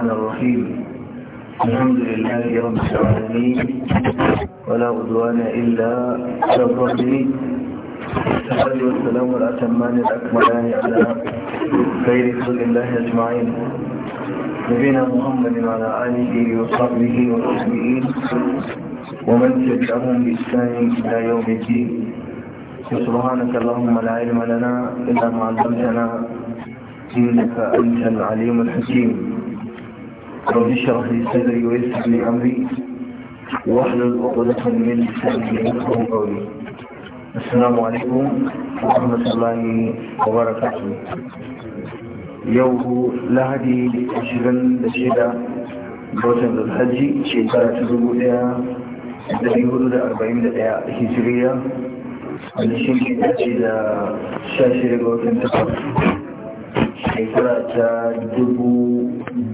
الرحمن الرحيم الحمد لله رب العالمين ولا عدوان إلا على الظالمين الصلاة والسلام الأتمان الأكملان على خير خلق الله أجمعين نبينا محمد وعلى آله وصحبه والمسلمين ومن تبعهم بإحسان إلى يوم الدين سبحانك اللهم لا علم لنا إلا ما علمتنا إنك أنت العليم الحكيم رب اشرح لي صدري ويسر لي امري واحلل عقدة من لساني يفقهوا قولي السلام عليكم ورحمة الله وبركاته يوم لهدي عشرين لشدة بوتن الحج شيكارة تزوجوا dari hudu da arba'in da daya hijiriya wanda shi ne da sha shekara ta dubu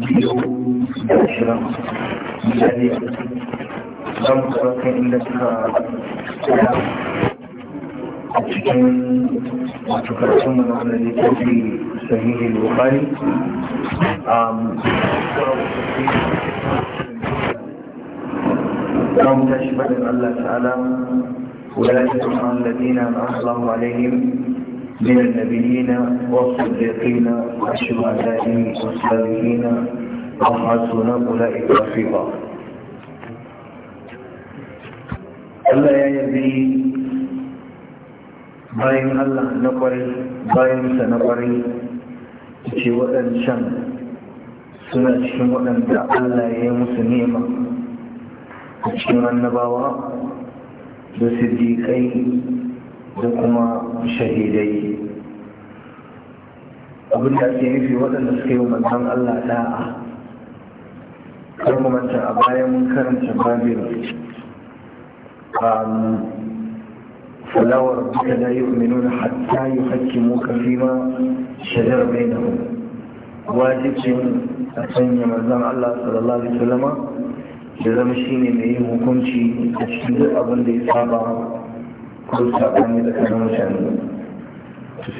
biyu da ashirin misali za mu kan inda suka tsaya a cikin wato karatun mana wanda ne tafi sahihin um, faɗin allah ta'ala ولا da الذين أنعم الله عليهم من النبيين والصديقين والشهداء والصالحين وحسن أولئك رفيقا Allah ya yabi bayan Allah na kwarai bayansa na kwarai ce waɗancan suna cikin waɗanda Allah ya yi musu nema a cikin annabawa da siddiƙai da kuma shahidai abin da ake nufi waɗanda suka yi mazan Allah da'a kar mu manta a bayan mun karanta babin um falawar duka la yu'minu hatta yuhakkimu ka fi ma shajar bainahum wajibin a sanya manzon Allah sallallahu alaihi wasallama ya zama shine mai yin hukunci da cikin duk abin ya saba ko saɓani tsakanin mutane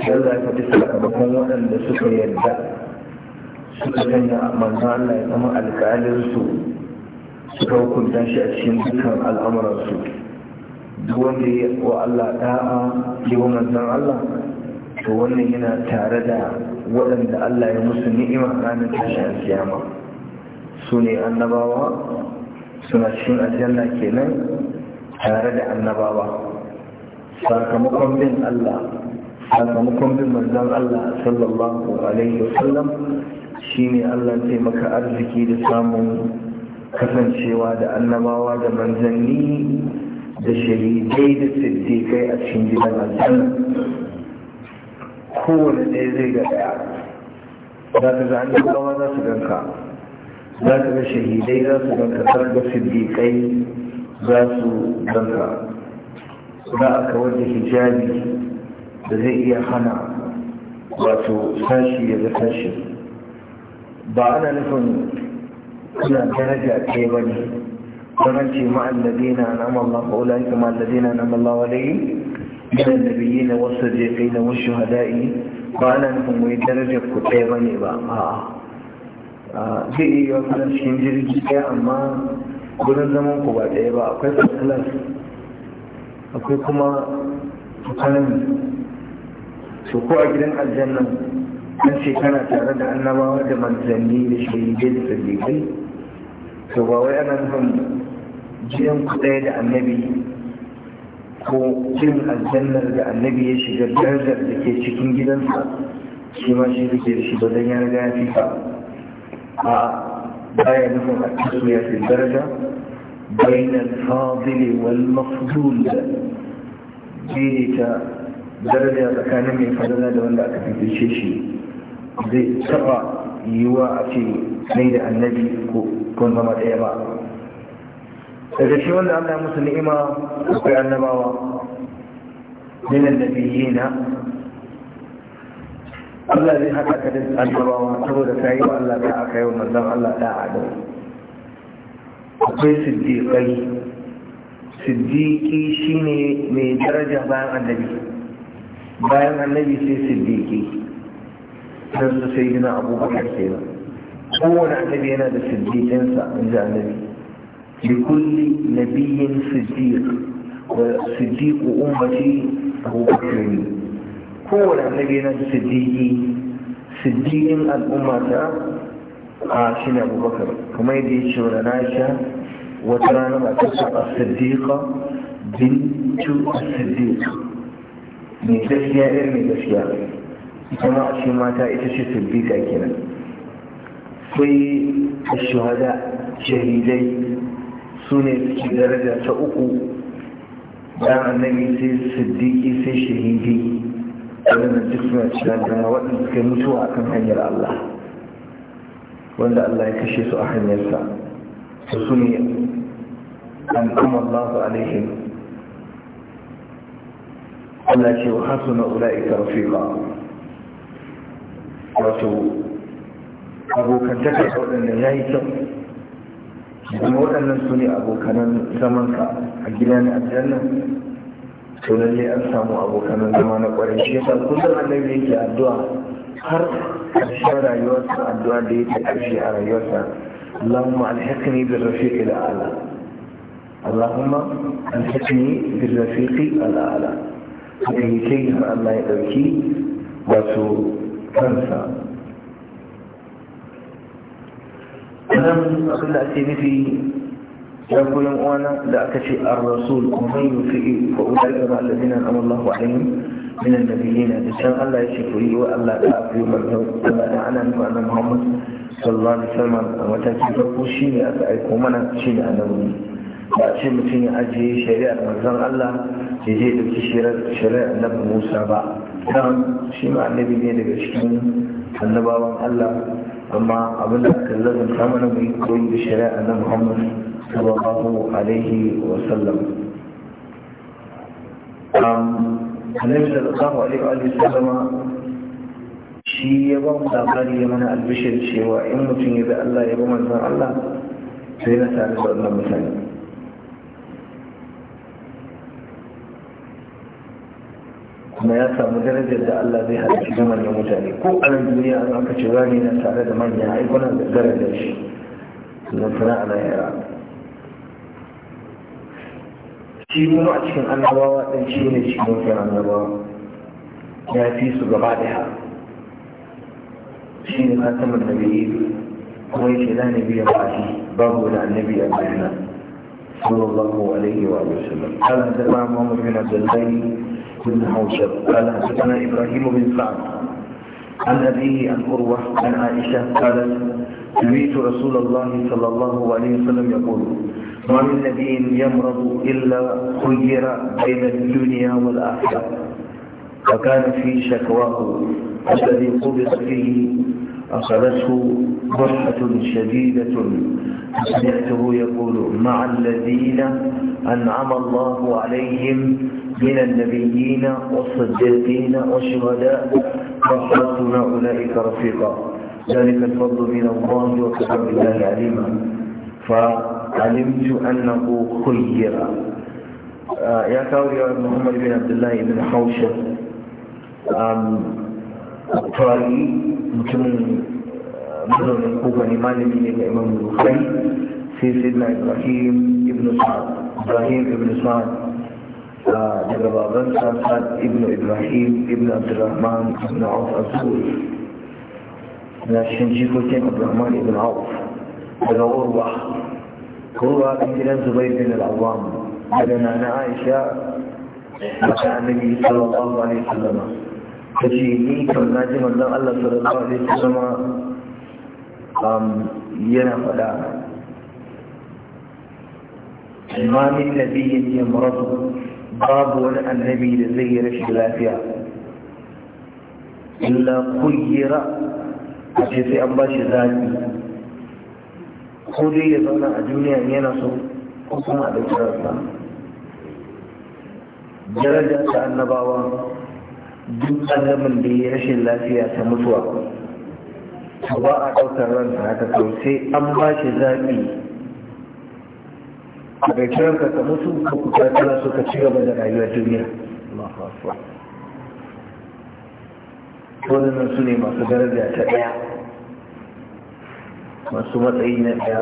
yau za ka fi sakamakon waɗanda suka yarda suka sanya manzo Allah ya zama alƙalinsu suka hukunta shi a cikin dukkan al'amuransu duk wanda ya wa Allah da'a ya wa manzon Allah to wannan yana tare da waɗanda Allah ya musu ni'ima ranar tashin kiyama su ne annabawa suna cikin aljanna kenan tare da annabawa sakamakon bin Allah sakamakon bin manzan Allah sallallahu alaihi wasallam shine Allah sai maka arziki da samun kasancewa da annabawa da manzanni da shahidai da siddiƙai a cikin gidan aljanna kowane ɗaya zai ga ɗaya za ka ga annabawa za su ganka za ka ga shahidai za su ganka za ga siddiƙai za su ganka za a kawar da hijabi da zai iya hana wato sashi ya ga sashi ba ana nufin kuna daraja ke ba ne wannan ce ma'alladina na mamma ƙaula ita ma'alladina na na wasu mamma walayi من النبيين والصديقين والشهداء وانا نكون وي درجه كتي ba. با zai iya yi wa cikin jirgi ɗaya amma gudun zaman ku ba ɗaya ba akwai first akwai kuma tsanani su ko a gidan aljannan an ce kana tare da annabawa da manzanni da shahidai da sadiqai to ba wai ana nufin jiyan kuɗaya da annabi ko jin aljannar da annabi ya shiga darajar da ke cikin gidansa shi ma shi da ke da shi ba don ya riga ya fi ba a baya nufin a cikin ya fi daraja بين الفاضل والمفضول جيرتا درجة كان من فضلنا لولا أكفي الشيشي زي سبع يوا أتي نيد النبي كون ما تيما إذا شو أن أمنا مسلمين أقول أن من النبيين Allah zai haka ka da annabawa saboda kai wa Allah da aka yi wa manzon Allah da adam akwai siddiƙai siddiƙi ne mai daraja bayan annabi bayan annabi sai siddiƙi don su sai gina abubakar kenan kowane annabi yana da siddiƙinsa in ji annabi likulli nabiyyin siddiƙ wa siddiƙu ummati abubakar ne kowane annabi yana da siddiƙi siddiƙin al'ummata a shi ne abubakar kuma yadda ya ce wa na sha وترانا مأتسع الصديقة بنت الصديق من تسيا إيه من تسيا كما أشي ماتا إتسي الصديقة كنا في الشهداء شهيدي سنة في درجة سأقو دام النبي سي صديقي سي شهيدي ولم ولنا تسمع شهداء وقت كمتوا أكم هنير الله وإن الله يكشف أحد يسعى su أنعم الله عليهم التي وحسن أولئك رفيقا wato abokantakar waɗannan ya yi kyau Kuma waɗannan su ne abokanan zamanka a gida na aljanna to lalle an samu abokanan zama na ƙwarai shi yasa kullum annabi yake addu'a har ƙarshen rayuwarsa addu'a da yake ƙarshe a rayuwarsa Allahumma alhiqni bi rafiqil a'la اللهم ألحقني بالرفيق الأعلى هذه كيف الله يدركي وتو تنسى nan abin da ake nufi ya kuyan uwana da aka ce an rasul kuma yi fi wa ulai ga allazi na amma Allahu alaihim min annabiyina da san Allah ya ce ku yi wa Allah da ku yi manzo da ana nufi Muhammad a matakin farko shine aka aiko mana shine annabi ba ce mutum ya ajiye shari'ar manzon Allah ya je ɗauki shari'ar na Musa ba don shi ma annabi ne daga cikin annabawan Allah amma abin da aka lazanta mana mu yi koyi da shari'a na Muhammad sallallahu alaihi wa sallam annabi sallallahu alaihi wa sallama shi ya ba mu labari ya mana albishir cewa in mutum ya bi Allah ya bi manzon Allah sai na tare da wannan mutane kuma ya samu darajar da Allah zai halarci da manyan mutane ko a nan duniya an aka ce rani na tare da manyan aikunan da darajar shi na sana'a na yara shi kuma a cikin annabawa ɗan shi ne shi mafi annabawa ya fi su gaba ɗaya shi ne katamin da bai kuma yake na nabi ya fashi babu da annabi a bayyana sallallahu alaihi wa sallam kan da ba mu mutum da بن حوشب قال حدثنا إبراهيم بن سعد عن أبيه عن أروة عن عائشة قالت سمعت رسول الله صلى الله عليه وسلم يقول ما من نبي يمرض إلا خير بين الدنيا والآخرة وكان في شكواه الذي قبض فيه أخذته برحة شديدة سمعته يقول مع الذين أنعم الله عليهم من النبيين والصديقين والشهداء وحسن أولئك رفيقا ذلك الفضل من الله وكفى بالله عليما فعلمت أنه خير آه، يا آه يا محمد بن عبد الله بن حوشة الطائي mutumin آه، من kuka ne malami ne ga imam bukhari sai sai na إبراهيم بن سعد آه، جبابان سامحات ابن إبراهيم ابن عبد الرحمن ابن عوف أسول ناشن جيكو تين عبد الرحمن ابن عوف بغور وحد هو ابن زبير بن العوام بلنا نعائشة بقى النبي صلى الله عليه وسلم فشيني كم ناجم الله الله صلى الله عليه وسلم أم ينا فلا ما من نبي babu wani annabi da zai yi rashin lafiya illa kuyira a ce sai an ba shi zaɓi ko dai ya zauna a duniya yana so ko kuma a ɗauki daraja ta annabawa duk annabin da ya rashin lafiya ta mutuwa ba a ɗaukar ransa haka sai an ba shi zaɓi a bai ka mutu ko ku tattara su ka ci gaba da rayuwar duniya wannan su ne masu daraja ta ɗaya masu matsayi na ɗaya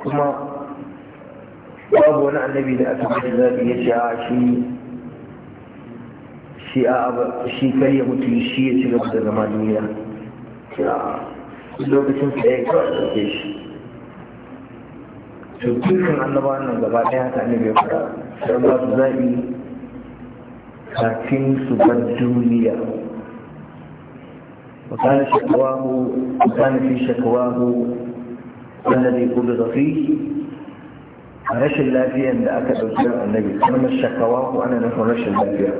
kuma babu wani annabi da aka mashi zaɓi ya ce a shi shi a shi ya mutu shi ya ci gaba da zama duniya lokacin sa ya kawai ɗauke shi to dukkan annabawan nan gaba ɗaya haka ne bai fara don ba su zaɓi kafin su bar duniya وكان شكواه وكان في شكواه الذي قبض فيه rashin lafiyan da aka ɗauki ran annabi kuma shakawa ko ana nufin rashin lafiya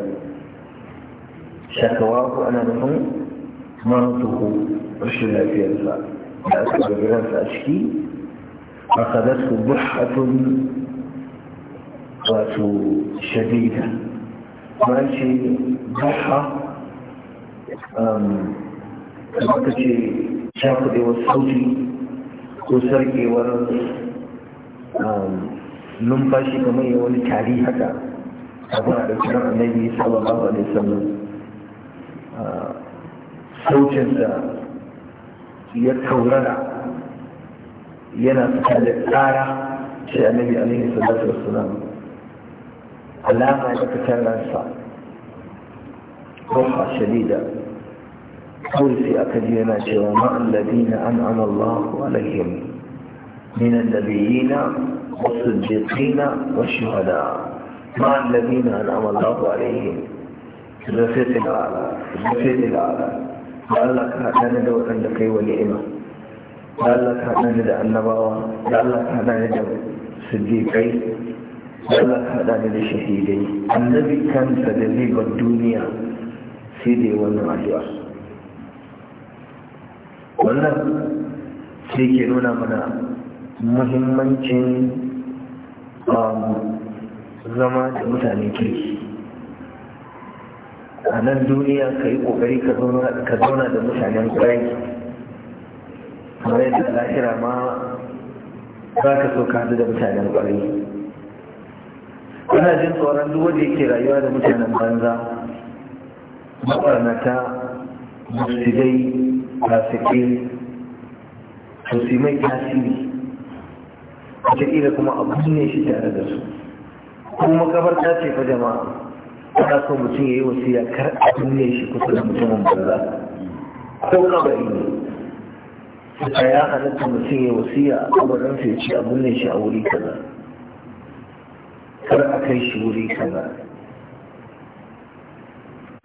shakawa ana nufin mantuhu rashin lafiyarsa da aka ɗauki a ciki أخذته بحة شديدة وأنشي بحة وأنشي شاقدي والسوجي وسرقي والرمز ننباشي كمية والتعليحة أبناء الكرام النبي صلى الله عليه وسلم سوجة أه، يتورنا yana fitar da tsara sai annabi alaihi salatu wassalam alama ya fitar ransa ruha shadida kawai sai aka ji yana cewa ma'an ladina an'ama Allahu alaihim من النبيين والصديقين والشهداء مع الذين أنعم الله عليهم الرفيق الأعلى الرفيق الأعلى وأن لك هذا ندوة لك ونعمة da Allah ka haɗa da annabawa da Allah ka haɗa ni da siddiƙai da Allah ka haɗa ni da shahidai annabi kansa da zai bar duniya sai da yi wannan addu'a wannan sai ke nuna mana muhimmancin um, zama da mutane kirki a nan duniya ka yi ƙoƙari ka zauna da mutanen ƙwarai kamar yadda lahira ma za ka so ka hadu da mutanen ƙwarai ina jin tsoron duk wanda yake rayuwa da mutanen banza mabarnata musulai fasike to su mai tasiri wataƙila kuma abu ne shi tare da su kuma makabarta ce fa jama'a ana so mutum ya yi wasiya kar a binne shi kusa da mutumin banza ko kabari ne suka ya halatta mutum ya wasiya a kabarin sai ce abin ne shi a wuri kaza kar a kai shi wuri kaza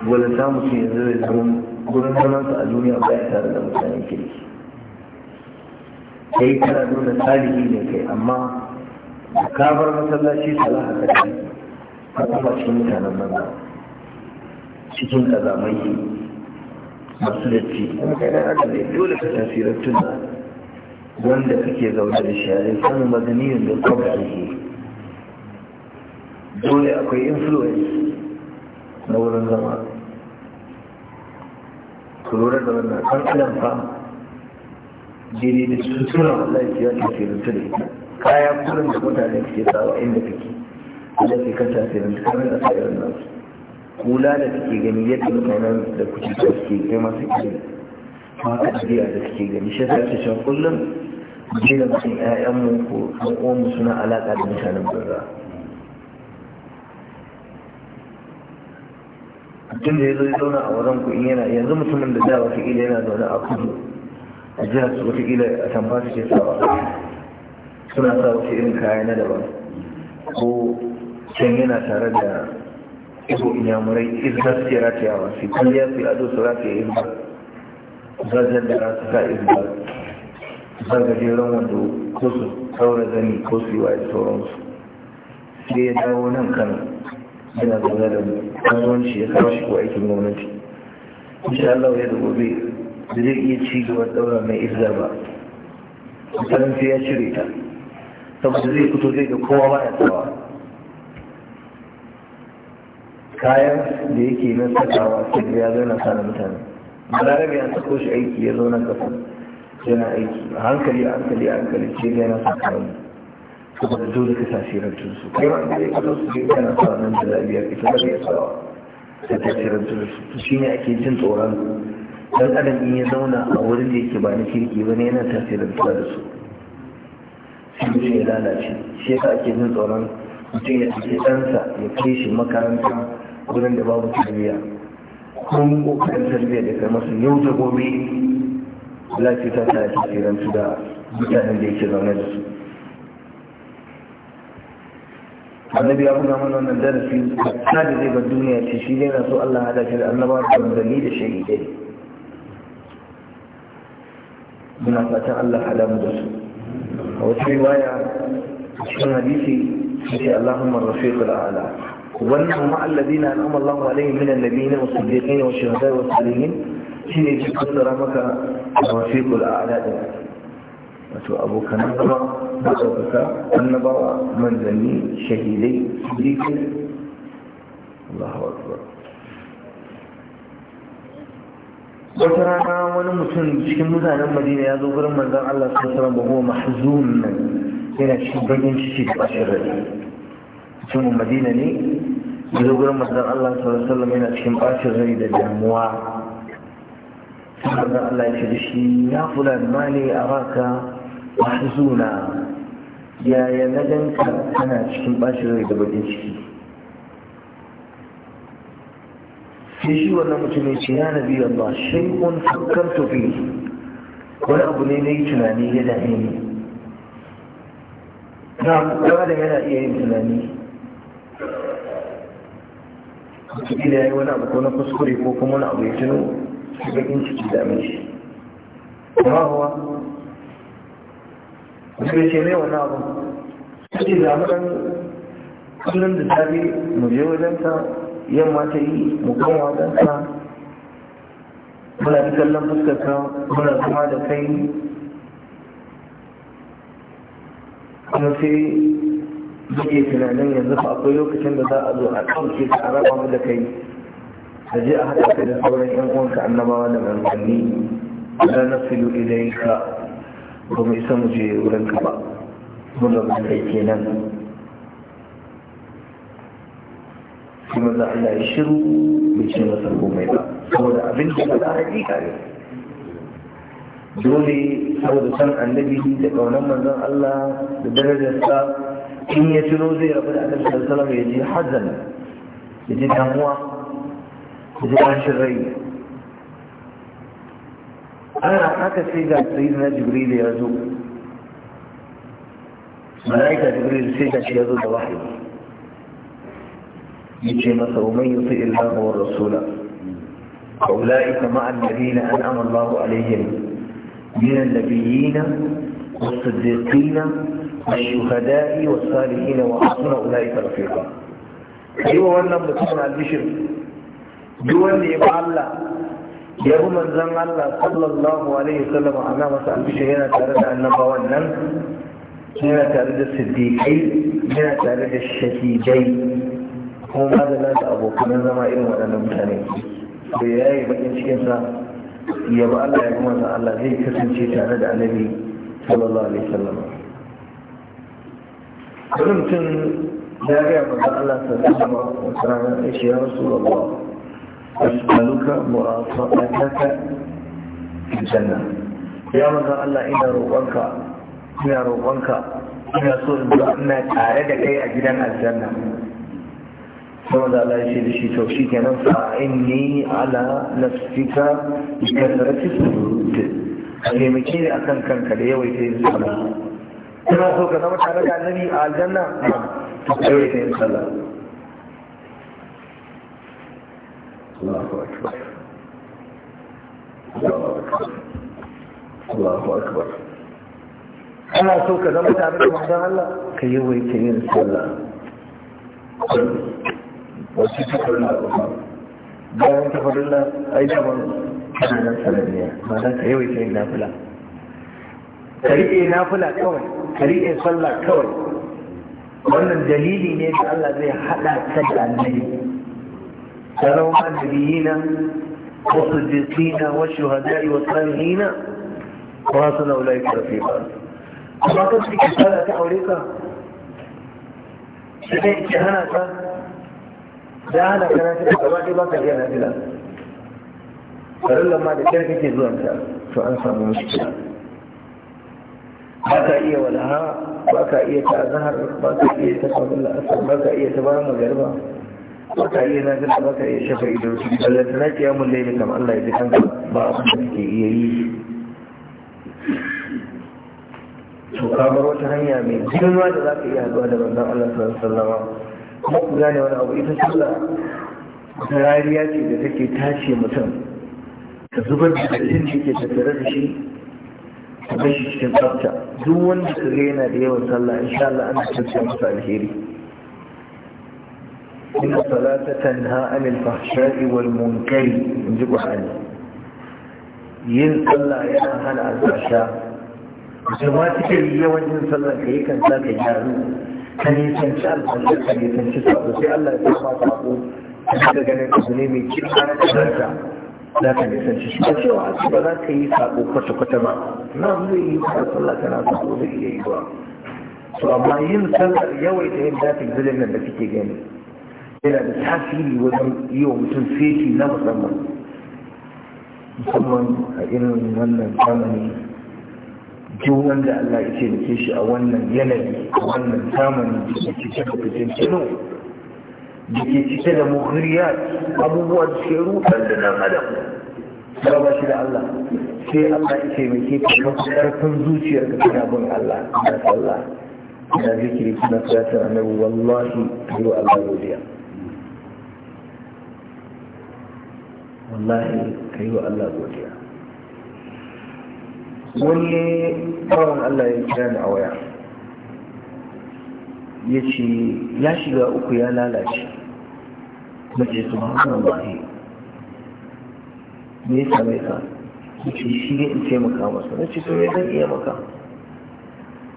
wanda ta mutum yanzu zai zama gurin zamansa a duniya ba ya tare da mutanen kirki kai kana nuna salihi ne kai amma ka bar masallaci salaha ka kai a kuma cikin mutanen banza cikin kazamai masu datti kuma kai ne dole ka tasirar tuna wanda kake zaune da shari'a, a kan madaniyar da kwamfa ke dole akwai influence na wurin zama ku da wannan kan adam fa jiri da sutura wallahi ya da ita kaya kurin da mutane ke sawa inda kake Allah ke kan tasirar tuna kan da tsayar nasu kula da suke gani yadda mutanen da kuke da suke kai masu kiri kuma ka ɗabi'a da suke gani shi ta cikin kullum da mutum ƴaƴanmu ko ɗan'uwanmu suna alaƙa da mutanen banza tun da ya zo ya zauna a wajen ku yana yanzu mutumin da da ila yana zaune a kudu a jihar su ila a tamba su ke sawa suna sa wasu irin kaya na daban ko can yana tare da ido inyamurai iznar a ratayawa su ya fi ado su rataya iznar zargen da rasu sa iznar zargajeren wando ko su taura zani ko su yi wa sauransu sai ya dawo nan kano yana zaune da kasuwanci ya kawo shi ko aikin gwamnati insha Allah ya da gobe da zai iya ci gaba daura mai izza ba mutanen sai ya cire ta saboda zai fito zai ga kowa ba ya tsawa kayan da yake na sakawa sai ya zo na sana mutane balarabe an sako shi aiki ya zo nan kasa yana aiki a hankali a hankali a hankali ce ga yana sakawa da dole ka sa shirantun su kai wanda ya kaso su ne kana sa nan da zabiya ita ba ya sawa wa? ta shirantun su shi ne ake jin tsoron dan adam in ya zauna a wurin da yake ba na kirki ba ne yana tasirantuwa da su sai mutum ya lalace shi yasa ake jin tsoron mutum ya ɗauki ɗansa ya kai shi makaranta wurin da babu tarbiyya kun kokarin tarbiyya da kai masu yau da gobe lafiya ta ta ake kiran su da mutanen da yake zaune da su annabi ya buga mana wannan darasi ta da zai bar duniya ce shi yana so Allah hada shi da annaba da manzanni da shahidai muna fatan Allah hada mu da su a wata riwaya cikin hadisi sai Allahumma rafiqul a'la wannan ma alladina an'ama Allahu alaihim min annabiyyin wa siddiqin wa shuhada'i wa salihin shine shi ji kasara maka tawfiqul a'la din wato abokan zama masaukaka annabawa manzanni shahidai siddiqin Allahu akbar wata rana wani mutum cikin mutanen madina ya zo gurin manzan Allah sun sanar da goma mahzun nan yana cikin bakin ciki da bashin rai mutumin madina ne zo gurin manzon Allah sallallahu alaihi yana cikin bacin rai da damuwa manzon Allah ya ce da shi ya fulan mali araka mahzuna yaya na ganka kana cikin bacin rai da bakin ciki sai shi wannan mutum ya ce ya ba, Allah shay'un fakkartu fi wani abu ne na yi tunani ya dame ni na kuma da yana iya yin tunani kila ya yi wani abu ko na kuskure ko kuma wani abu ya tuno shi bakin ciki da amince. shi kuma hawa mutum ce mai wani abu sai da mutan kullum da safe mu je ta, yamma ta yi mu wajen wajensa muna ta kallon fuskarka muna kuma da kai kuma sai yi tunanin yanzu fa akwai lokacin da za a zo a ɗauke ka a raba mu da kai da je a haɗa ka da sauran ƴan uwanka annabawa da manzanni la nasilu ilayka ba mu isa mu je wurin ka ba mun da da kai kenan kuma za Allah ya shiru bai ce masa komai ba saboda abin da a hakika ne dole saboda san annabi da ƙaunar manzon Allah da darajarsa كنية الوزير أبو الأحمد صلى الله عليه وسلم يجي حزن يجي هموة يجي شرية أنا حتى سيدة سيدنا جبريل يزول ملائكة جبريل سيدة يزول واحد يجي مثل ومن يطيع الله والرسول أولئك مع الذين أنعم الله عليهم من النبيين والصديقين الشهداء والصالحين وحسن اولئك رفيقا ايوه wannan mutumin albishir duk wanda ya ba Allah ya bi manzon Allah sallallahu alaihi wasallam ana yana tare da annaba wannan yana tare da siddiqai yana tare da shahidai ko ma da lati abokan zama irin waɗannan mutane da ya yi bakin cikin ya ba Allah ya kuma sa Allah zai kasance tare da annabi sallallahu alaihi wasallam wani mutum ya gaya manzan Allah sallallahu alaihi wasallam ya ce ya rasulullah as'aluka murafaqataka fil janna ya manzan Allah ina roƙonka ina roƙonka ina so in ga ina tare da kai a gidan aljanna saboda Allah ya ce da shi to shi kenan fa inni ala nafsika bi kasratis sujud a taimake ni akan kanka da yawaita yin sallah kana so ka zama tare da annabi a aljanna to kai Allahu akbar Allahu akbar ana so ka zama tare da manzon Allah ka yi wai ka yi sallah wasu aiki za ka yi wai ka yi kariye na fula kawai kariye sallah kawai wannan dalili ne da Allah zai hada ka da annabi sarau alaihi wa siddiqina wa shuhada'i wa salihina wa alaihi wa sallam amma kan shi ka ta aure ka shi ne ki hana ka da hana ka na shi gaba ɗaya ba ka iya nafila farin lamma da kyar kake zuwanta to an samu mushkila ba ka iya walaha ba ka iya ta zahar ba ka iya ta kafin la'asar ba ka iya ta bayan magarba ba ka iya na gina ba ka iya shafa ido su ballanta na kiya mun laifin kam Allah ya ji kanka ba a kuma ke iya yi to kamar wata hanya mai girma da za ka iya haɗuwa da banzan Allah sallama kuma ku gane wani abu ita sallah wata rariya ce da take tace mutum ka zubar da jin da ke tattare da shi kamar shi cikin tsafta duk wanda ka ga yana da yawan sallah insha Allah ana tsafta masa alheri إن الصلاة تنهى عن wal والمنكر in ji حالي yin sallah yana hana albasha jama take yawan yin sallah ka yi kan ka gyaru ka nisanci albasha ka nisanci sabo sai Allah ya kama sabo ka ga ganin abu ne mai kirkar da za ka nisanci shi ba cewa a za ka yi sabo kwata-kwata ba na zai yi ba sallah tana sabo zai iya yi ba to amma yin sallar yawaita yin dafin zilin nan da kike gani yana da tasiri wajen yi wa mutum feti na musamman musamman a irin wannan zamani duk da Allah ya ce da shi a wannan yanayi a wannan zamani da cikin da cikin da ke cike da muhriya abubuwa da ke rutar da nan adam ba ba shi da Allah sai Allah ya mai ka kan karfin zuciyar ga kana bin Allah da sallah da zikiri kuna fata nan wallahi yau Allah godiya wallahi ka wa Allah godiya wani bawan Allah ya kira ni a waya ya ce ya shiga uku ya lalace mace su hannun bahi me ya same ka ya ce shi ne in taimaka masu na ce sai zan iya maka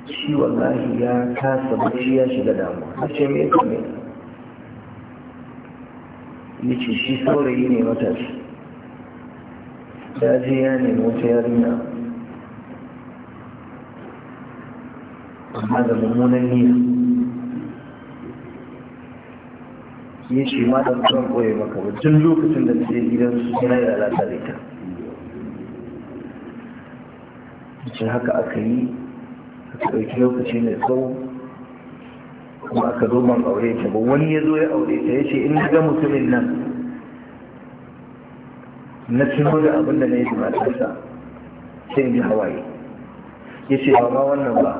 shi wallahi ya kasa shi ya shiga damuwa na ce me ya same ya ce shi saurayi ne matashi ya je ya nemi wata yarinya amma da mummunan niyya ni ce ma da mutum ɓoye maka ba duk lokacin da ce gidan su suna yi alaƙa da ita ce haka aka yi aka ɗauki lokaci mai tsawo kuma aka zo ban aure ta ba wani ya zo ya aure ta ya ce in ga mutumin nan na tuno da abin da na yi da matarsa sai in ji hawaye ya ce ba ma wannan ba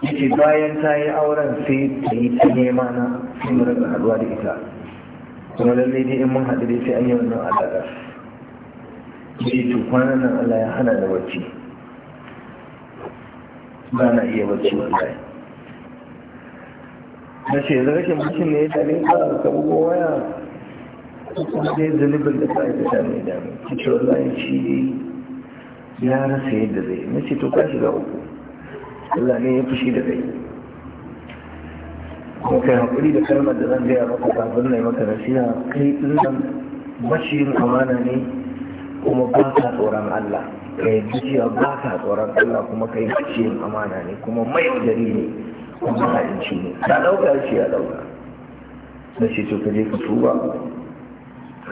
ya ce bayan ta yi auren sai ta yi ta nema na sai mu rika haɗuwa da ita kuma lallai dai in mun haɗu dai sai an yi wannan alaƙar sai to kwanan nan Allah ya hana da wacce. ba na iya bacci wallahi na ce yanzu rashin mutum ne ya tare ka ka bugo waya kuma dai zunubin da ka aikata mai dami ki ce wallahi shi ya rasa yadda zai na ce to ka shiga uku Allah ne ya fushi da kai ko kai hakuri da kalmar da zan gaya maka kafin na yi maka nasiha kai dinnan bashirin amana ne kuma ba ka tsoron Allah ka yi cewa ba ka tsoron Allah kuma kai bashirin amana ne kuma mai yaudari ne kuma ha'inci ne ka ɗauka shi ya ɗauka na ce to ka je ka tuba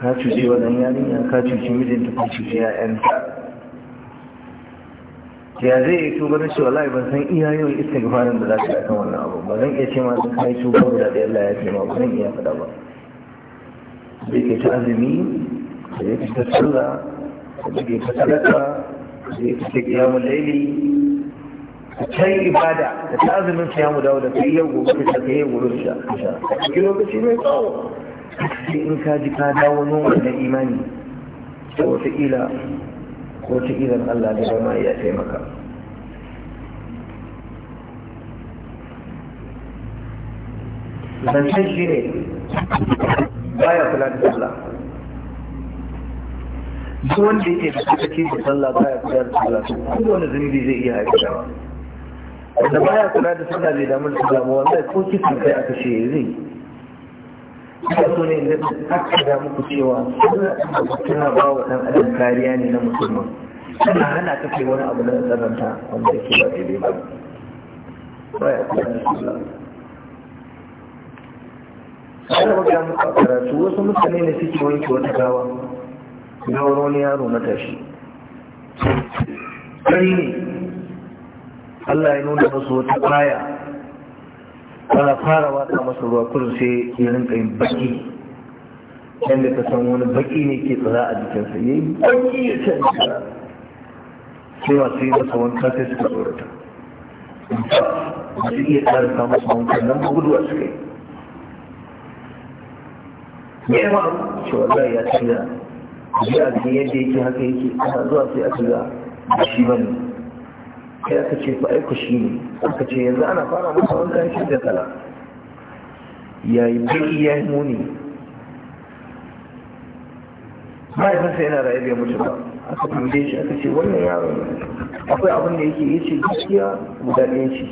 ka cuce wannan yarinya ka cuce mijinta ka cuce 'ya'yanta ya zai yi tuba da cewa lai ban san iya yawan istighfarin da za ka kan wannan abu ba zan iya ce ma zan kai tuba guda da Allah ya ce ma ba zan iya faɗa ba zai ke ta azumi da ya ta sallah da ya ta sadaka da ya ta kiyamu laili ka kai ibada da ta azumin ya mu dawo da yi yau gobe ka yi yau gobe sha ki lokaci mai tsawo sai in ka ji ka dawo noma da imani to wataƙila ko ta izan Allah da dama ya taimaka zancen shi ne baya kula da sallah duk wanda yake da ce da sallah baya kula da sallah duk wani zunubi zai iya haifar da baya kula da sallah bai damu da sallah ba wanda ko kisan kai aka ce zai ina so ne da aka da muku cewa suna ba wa ɗan adam kariya ne na musulman suna hana ta kai wani abu na tsananta wanda ke ba daidai ba baya kuma da sallah ana maka muku karatu wasu mutane ne suke wanke wata gawa gawar wani yaro na matashi ƙari ne Allah ya nuna masu wata baya ana fara wata masa ruwa kurin sai ya rinka yin baki yadda ka san wani baki ne ke tsara a jikinsa ya yi baki ya ce sai masu yi masa wanka sai suka tsorata masu iya tsara samun wankan nan a suka yi ya yi ma'a ce wallahi ya tsira ji a yadda yake haka yake ana zuwa sai a tsira da shi ne. sai aka ce fa aiko shi ne aka ce yanzu ana fara masa wanka shi da kala yayi bai yayi muni mahaifinsa yana raye bai mutu ba aka tambaye shi aka ce wannan yaro akwai abin da yake yace gaskiya guda ɗaya ce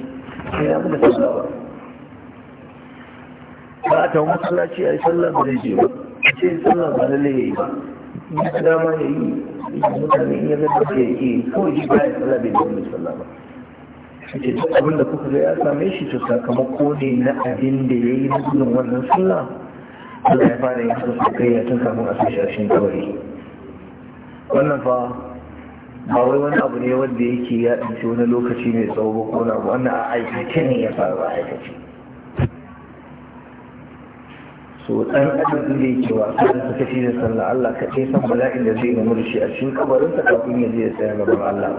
sai ya muna sallah ba ba a tawo masallaci a yi sallah ba zai je ba a ce sallah ba lalle ya yi ba dama ya yi mutane ya ga ke yi ko ji ba ya tsala bai zama sallah ba ce duk abin da kuka ga ya same shi to sakamako ne na abin da ya yi na wannan sallah Allah ya fara yin su kai tun kafin a sashi a shin kawai wannan fa ba wai wani abu ne wanda yake ya ɗauki wani lokaci mai tsawo ko na abu wannan a aikace ne ya fara aikace to dan adam ne yake wasa da ta shi da sallah Allah ka ce san bala'in da zai gamu da shi a cikin kabarin sa kafin ya je ya tsaya gaban Allah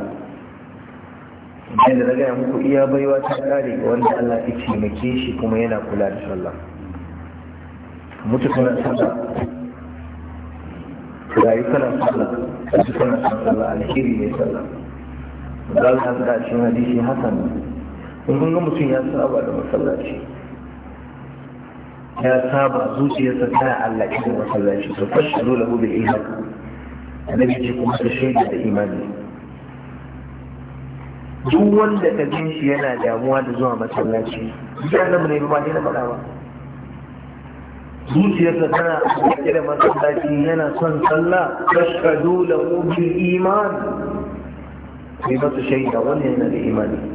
da daga gaya muku iya baiwa ta kare ga wanda Allah ya taimake shi kuma yana kula da sallah mutu kana sallah rayu kana sallah mutu kana sallah alheri ne sallah dan da shi hadisi hasan in kun ga mutum ya saba da masallaci ya saba zuciyarsa ta ya Allah da masallaci to fashiru lahu bil iman annabi ce kuma ta shaida da imani duk wanda ka ji shi yana damuwa da zuwa masallaci zuciyar nan ne ba ne na faɗa ba zuciyarsa tana cikin da masallaci yana son sallah fashiru lahu bil iman sai masa shaida wannan yana da imani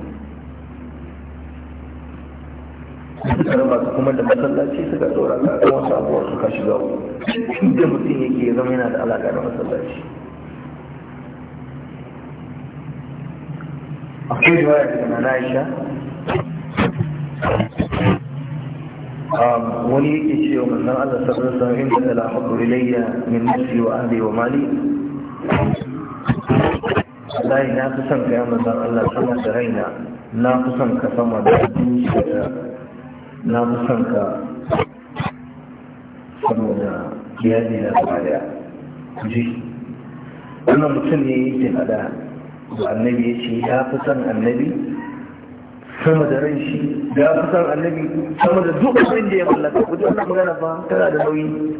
suka raba su kuma da masallaci suka tsora ka kan wasu abubuwa suka shiga da mutum yake ya zama yana da alaƙa da masallaci akwai riwaya daga na Aisha um, wani yake cewa manzon Allah sallallahu alaihi wasallam inda la hubbu ilayya min nafsi wa ahli wa mali wallahi na fi son ka manzon Allah sama da raina na fi son ka sama da abinci dukiya na musanka saboda iyali na tsariya daya ji wannan mutum ne yake hada da annabi ya ce ya fi san annabi sama da ran shi ya fi san annabi sama da duk abin da ya mallaka ku wannan magana ba tana da nauyi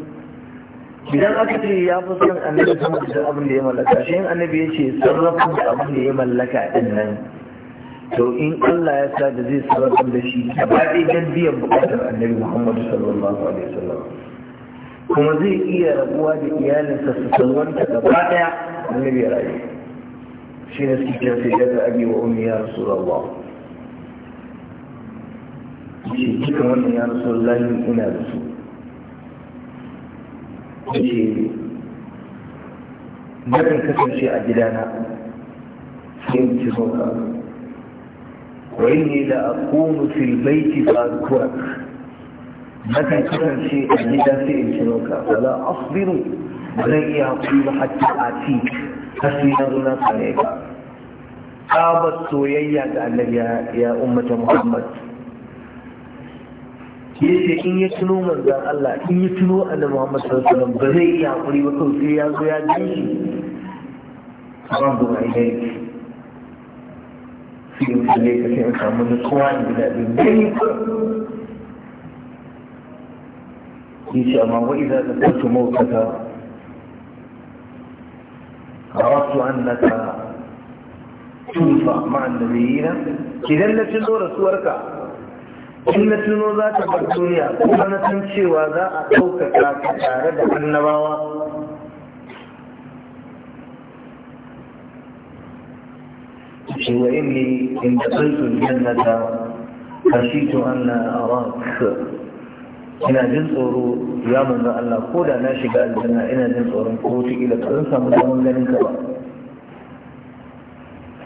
idan aka ce ya fi san annabi sama da abin da ya mallaka shi annabi ya ce sarrafa da abin da ya mallaka din nan to in Allah ya sa da zai sarrafa da shi a baɗi don biyan buƙatar annabi Muhammadu sallallahu alaihi wasallam kuma zai iya rabuwa da iyalinsa su salwanta gaba ɗaya annabi ya rayu shi ne suke kira sai daga abi wa ummi ya rawa shi cikin wannan ya rasulullah ina da su ce na kan kasance a gidana sai mu ci sauka وإني لأقوم في البيت فأذكرك متى كفن شيء أجد في إنسانك ولا أصبر علي أقول حتى آتيك حسنا ذنب عليك قابت سويا النبي يا أمة محمد yace in ya tuno manzan Allah in ya tuno annabi Muhammad sallallahu alaihi wasallam ba zai iya hakuri ba kawai sai ya zo ya ji shi ran gona ilai in kalle ka sai in samu nutsuwa in ji daɗin gani yace amma wa عرفت أنك توفى مع النبيين إذا التي نور صورك إن تنور ذات الدنيا وأنا تمشي وذا أتوك كاك تارد النبوة ce wa inni in da tsaitun jannata kashi to an na ina jin tsoro ya manzan Allah ko da na shiga aljanna ina jin tsoron ko wata ila ka samu zaman ganin ka ba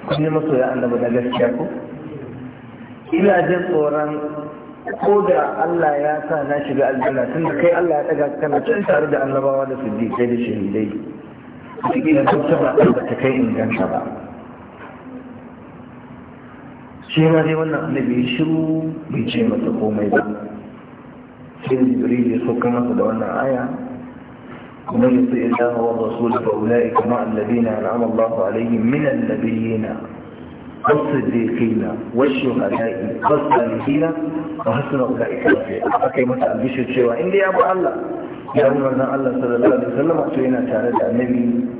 kun yi masoya annabi na gaskiya ko ina jin tsoron ko da Allah ya sa na shiga aljanna tun da kai Allah ya daga kana can tare da annabawa da siddiqai da shahidai wata ila ta ba ta kai inganta ba shi ma dai wannan annabi ya shiru bai ce masa komai ba sai da jibril ya sauka masa da wannan aya kuma ya sai Allah wa rasul fa ulai kama alladina an'ama Allah alaihim min annabiyina والصديقين والشهداء والصالحين وحسن اولئك رفيقا akai mata albishir cewa inda ya bi Allah ya bi manzon Allah sallallahu alaihi wasallam to yana tare da annabi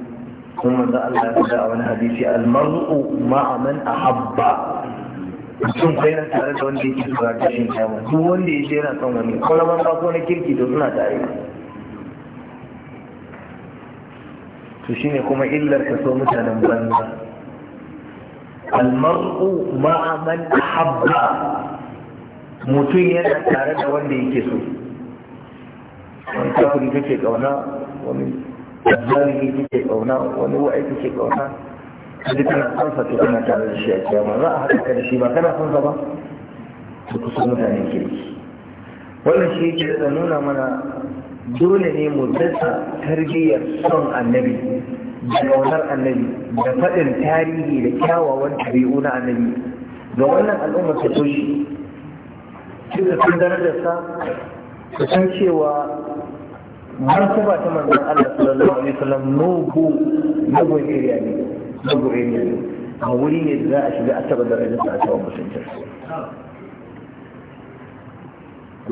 kuma manzon Allah ya faɗa a wani hadisi al-mar'u ma'a man ahabba mutum kai nan tare da wanda yake zuwa da shi kyamu duk wanda ya je yana son wani kwalaban bako na kirki da suna tare to shine kuma illar ka so mutanen banza almar'u ma'a man habba mutum yana tare da wanda yake so wani kafiri kake kauna wani zalimi kake kauna wani wa'i kake kauna kaji kana son sa to kana tare da shi a kiyama za a haɗa ka da shi ba kana son zaba? ba to mutane kirki wannan shi yake da nuna mana dole ne mu dasa tarbiyyar son annabi da kaunar annabi da faɗin tarihi da kyawawan tabi'u na annabi ga wannan al'ummar ta so shi duka darajarsa su san cewa martaba ta manzon Allah sallallahu alaihi wasallam nubu nubu ne na gureniya ne a wuri ne da za a shiga a taba darajarsa a taba mutuntarsa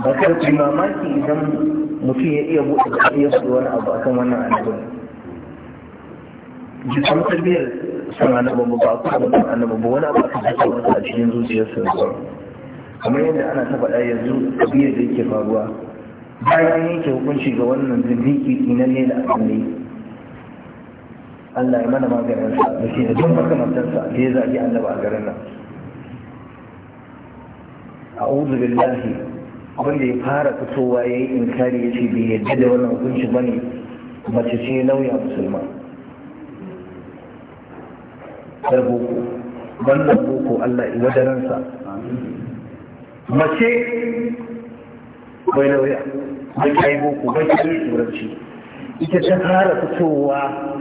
ba kar ku mamaki idan mutum ya iya buɗe da iya su wani abu akan wannan annabin jikin tarbiyyar san annabin ba ku da san annabin ba wani abu akan haka wani a cikin zuciyarsa ba kamar yadda ana ta faɗa yanzu tarbiyyar da yake faruwa bayan yanke hukunci ga wannan zindiki inan ne da abin Allah ya mana maganin sa da shi da duk sa da ya zaɓi annaba a garin nan a'udhu billahi wanda ya fara fitowa yayi inkari yace bai yadda da wannan hukunci bane mace ce lauya musulma dar boko wannan boko Allah ya wadaransa mace bai nauya, bai kai boko bai kai turanci ita ta fara fitowa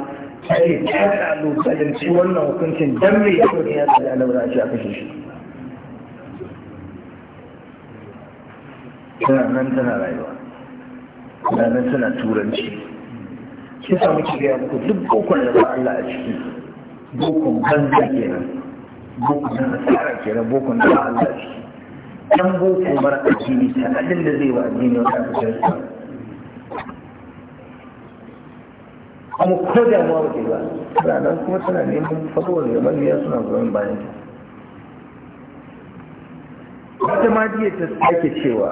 ake kyata lokalinci wannan hukuncin dan mai yau ne ya tsaye a laura a kashe shi tana nan tana rayuwa tana nan tana turanci shi sa muke gaya muku duk bokon da ba Allah a ciki bokon banza kenan bokon da nasara kenan bokon da ba Allah a ciki dan boko mara addini ta abin da zai wa wani wata kashe shi kuma ko da mu ba ke ba tana nan kuma tana neman fasowar da ya suna zuwan bayan ta wata ma jiya ta sake cewa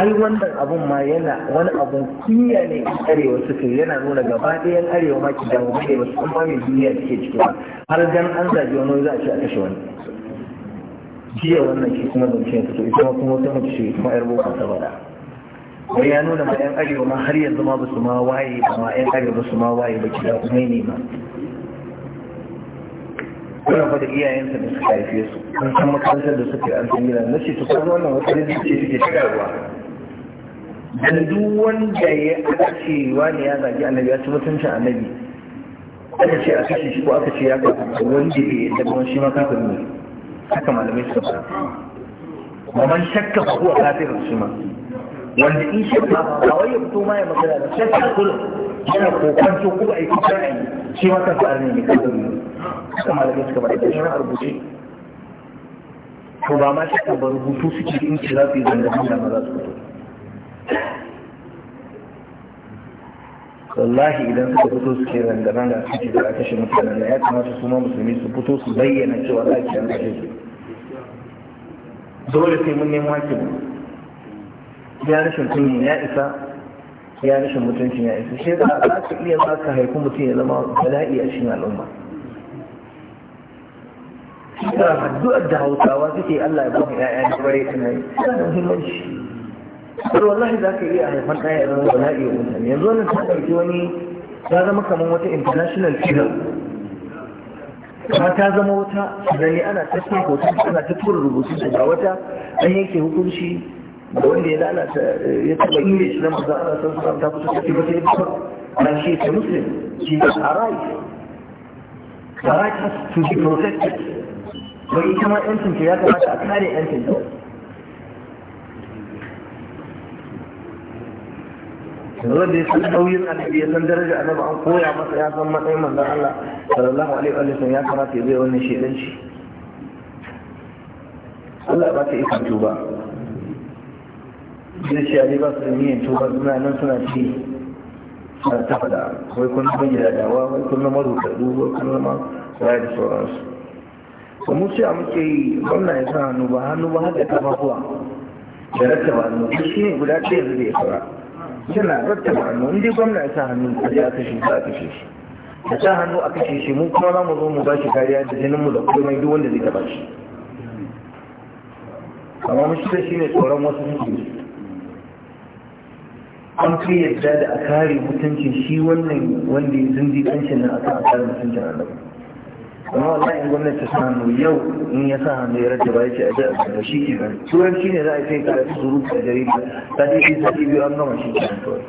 ai wannan abun ma yana wani abun kunya ne a arewa suka yana nuna gaba ɗayan arewa ma ki damu ba su kuma mai duniya suke ciki ba har dan an zagi wani za a ce a kashe wani jiya wannan shi kuma zance ya fito ita kuma wata mace kuma yar boko ta bada wai ya nuna ma yan arewa ma har yanzu ma basu ma waye ba ma yan arewa su ma waye ba ki da kuma ne ma Kuma fa da iyayensa da suka haife su kun san makarantar da suka yi an san gida na ce to kuma wannan wata ne ce suke shigarwa dan duk wanda ya aka ce wani ya zagi annabi ya ci mutuncin annabi aka ce a kashe shi ko aka ce ya kafa wanda bai yadda ba shi ma kafin ne haka malamai suka fara wa man shakka fa huwa kafirun shi ma wanda in shi ba wai ya fito ma ya magana da shi ta kula yana kokanto ko a yi kuka a shi ma kansa a ne mai kadari haka malamai suka bada shi na rubuce to ba ma shi ba rubutu suke in ci za su yi zanga-zanga ba za su fito wallahi idan suka fito suke zanga-zanga a cikin da kashe mutanen na ya kamata su ma musulmi su fito su bayyana cewa za a kashe su dole sai mun nemo hakimu ya rashin kunyi ya isa ya rashin mutuncin ya isa shi za ka iya za ka haiku mutum ya zama bala'i a cikin al'umma suka haduwar da hausawa suke Allah ya bani yaya da bare tana yi yana da muhimmanci to wallahi za ka iya haifan ɗaya ya zama bala'i wa mutane yanzu wannan ta ɗauki wani ta zama kamar wata international film kuma ta zama wata sananne ana ta hoton ana ta tura rubutu da wata an yanke hukunci da wanda ya lalata eh, ya taba ire shi na maza ana san su ta fito ta fito ta fito na shi ta muslim shi is a right the right has to be protected bai ita ma yancin ya kamata a kare yancin ta yanzu da ya san nauyin annabi ya san daraja annabi an koya masa ya san matsayin manzon Allah sallallahu alaihi wa sallam ya kamata ya bai wannan shedanci Allah ba ta ikon ba. zuciya dai ba su da niyan tuba suna nan suna ci suna ta faɗa wai kun zama gidadawa wai kun zama rukaɗu wai kun zama raya da sauransu ba mu cewa muke yi gwamna ya sa hannu ba hannu ba har da kafafuwa da rattaba hannu duk shi ne guda ɗaya da ya fara tana rattaba hannu in gwamna ya sa hannu a ji aka shi a kashe shi da sa hannu a kashe shi mu kuma za mu zo mu ba shi kariya da jinin mu da komai duk wanda zai taɓa shi amma mu shi ne tsoron wasu suke an fi yadda da a kare mutuncin shi wannan wanda ya zindi ɗancin nan akan a kare mutuncin annabi amma wallahi gwamnati ta hannu yau in ya sa hannu ya rage ba ya ce a ji a da shi ke nan turanci ne za a kai ka su zuru a jaridu, ta ce shi sati biyu an gama shi ke nan kawai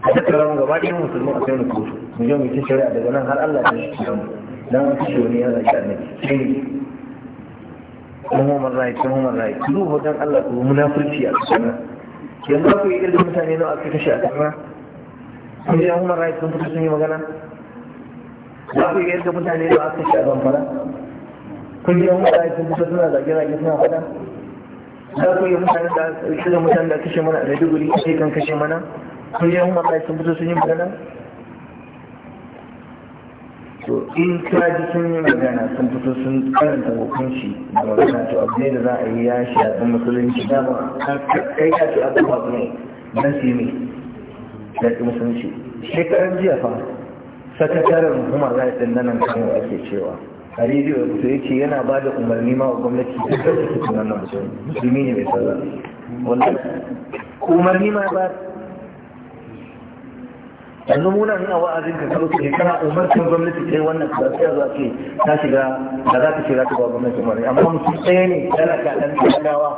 a tattara mu gaba ɗayan musulmi a kai mu kotu mu je mu ci shari'a daga nan har Allah ta shi ke mu dan an kashe wani yana ki annabi sai ne human rights human rights duk hoton Allah ko munafurci a cikin yanzu ku yi ilimin mutane na aka kashe a kama sun yi human rights sun fito sun yi magana za ku yi ilimin mutane na aka kashe a zamfara kun yi human rights sun fito suna zage-zage suna fada, za ku yi mutane da irin mutane da kashe mana a Maiduguri a kan kashe mana kun yi human rights sun fito sun yi magana to in ka ji sun yi magana sun fito sun karanta hukunci da magana to abu ne da za a yi ya shi a musulunci da ba kai ya ce abu ba ne na su ne da ƙi musulunci shekaran jiya fa sakataren hukumar za a nan kano ake cewa a rediyo ya fito ya ce yana ba da umarni ma wa gwamnati da ɗauki tukunan na musulmi ne mai sauran umarni ma ba yanzu muna nuna wa'azin ka kawo ke kana umarcin gwamnati sai wannan karatu za ke ta shiga da za ta shiga ta ba gwamnati umarni amma mutum ɗaya ne talaka ɗan talakawa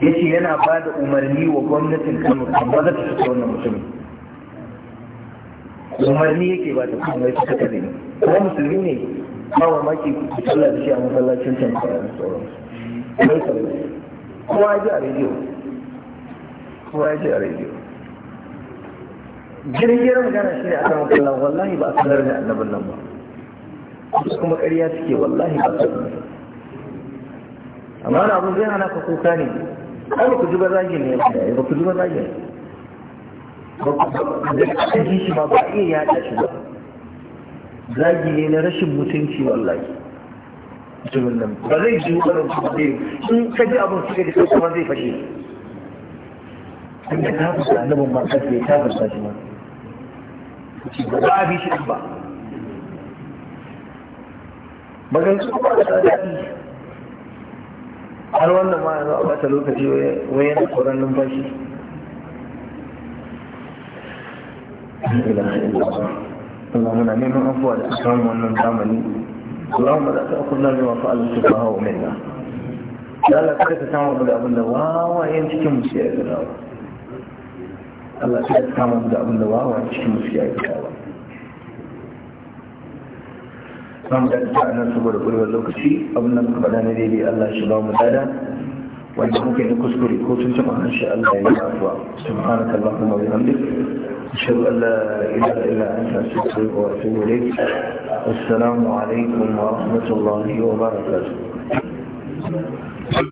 ya ce yana ba da umarni wa gwamnatin kano amma za ta shiga wannan mutumin umarni yake ba ta kuma ya fita kare ne kuma musulmi ne kawo maki ku sallah da shi a masallacin can da sauransu kowa ya ji a rediyo kowa ya ji a rediyo girgiyar gana shi ne a kan kallon wallahi ba a sanar da annabin nan ba kuma ƙarya suke wallahi ba a sanar amma na abin zai hana ka kuka ne ai ba ku ji ba zagi ne ba ku ji ba zagi ne ba ku ji shi ba ba iya yaɗa shi ba zagi ne na rashin mutunci wallahi mutumin nan ba zai ji wannan kuma zai in ka ji abin suka ji kuma zai fashe inda ta fusa annabin ma kake ta fusa shi ma ce ba a bi shi ba magansu kuma da daɗi har wannan ma yanzu a bata lokaci wai yana koran numfashi Allah muna neman afuwa da samun wannan zamani Allahumma za ta akunna ne wa fa'alin su ba hawa minna. Ya Allah kada ka samu da abin da wawayen cikin musu ya zira ba. Allah ta kama da abin da wawa cikin musu ya yi kawo ba mu da ta nan saboda kurewar lokaci abin da muka faɗa na daidai Allah shi ba mu dada wanda muke yi kuskure ko sun taɓa an sha Allah ya yi afuwa subhanaka allahumma wa bihamdik ashhadu an la ilaha illa anta astaghfiruka wa atubu ilayk assalamu alaikum wa rahmatullahi wa barakatuh